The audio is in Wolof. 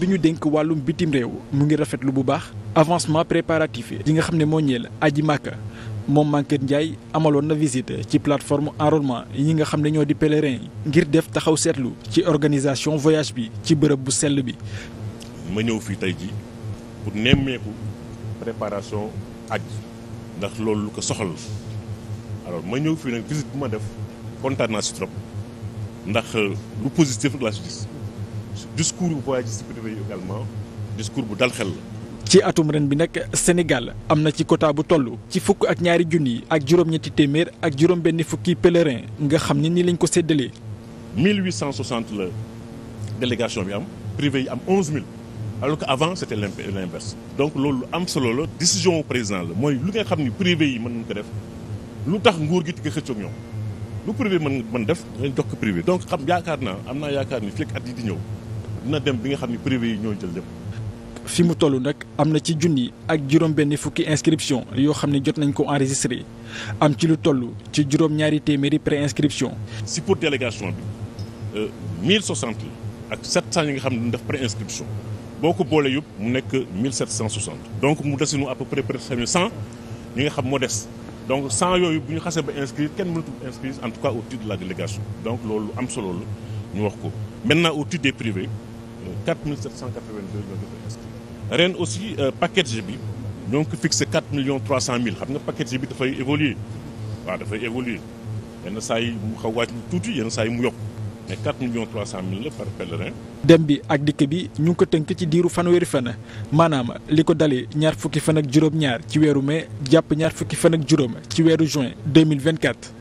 bi ñu dénk wàllum bitim réew mu ngi rafet lu bu baax avancement préparatif yi nga xam ne moo ñeel aji màkka moom Mankeur Ndiaye amaloon na visite ci plateforme enrôlement yi nga xam ne ñoo di pèlerin ngir def taxaw seetlu ci organisation voyage bi ci bërëb bu sell bi ma ñëw fii tey ji pour nemmeeku préparation aj ndax loolu lu ko soxal alors ma ñëw fii nag visite bu ma def kontaan naa si trop ndax lu positif rek laa si discours bu voyagiste privé yi également discours bu dal xel la. ci atum ren bi nag Sénégal am na ci quota bu toll ci fukk ak ñaari junni ak juróom-ñetti téeméer ak juróom benni fukki pèlerin nga xam ni nii lañ ko séddalee. 1860 la délégation bi am privé yi am 11000 alors que avant c' était l' inverse donc loolu am solo la décision président la mooy lu nga xam ni privé yi mën nañ ko def lu tax nguur gi di ko xëccoog ñoom lu privé mën mën def dañ jox ko privé donc xam yaakaar naa am naa yaakaar ni fekk at yi di ñëw. dina dem bi nga xam ne privé yi ñoo jël lépp. fi mu tollu nag am na ci junni ak juróom benni fukki inscription yoo xam ne jot nañ ko enregistré am ci lu toll ci juróom-ñaari téeméeri pré-inscription. si pour délégation bi 1060 euh, ak 700 yi nga xam ne ñu def pré-inscription boo ko boolee yëpp mu nekk 1760. donc mu desinu à peu près près de 100 nga xam moo des. donc sans yooyu bu ñu xasee ba inscrire kenn mënatul inscrire en tout cas au de la délégation donc loolu am solo la ñu wax ko maintenant au titre des privés 4 792 ñoo jot a inscrit ren aussi euh, package bi ñoo ngi ko fixé 4 millions 300 mille xam nga package bi dafay évoluer waaw dafay évoluer yenn saa yi mu xaw wàcc tuuti yenn saay mu yokk mais 4 millions 300 mille la par pèlerin. dem bi ak dikk bi ñu ngi ko tënk ci diiru fanweeri fan maanaam li ko dalee ñaar fukki fan ak juróom-ñaar ci weeru mais jàpp ñaar fukki fan ak juróom ci weeru juin 2024.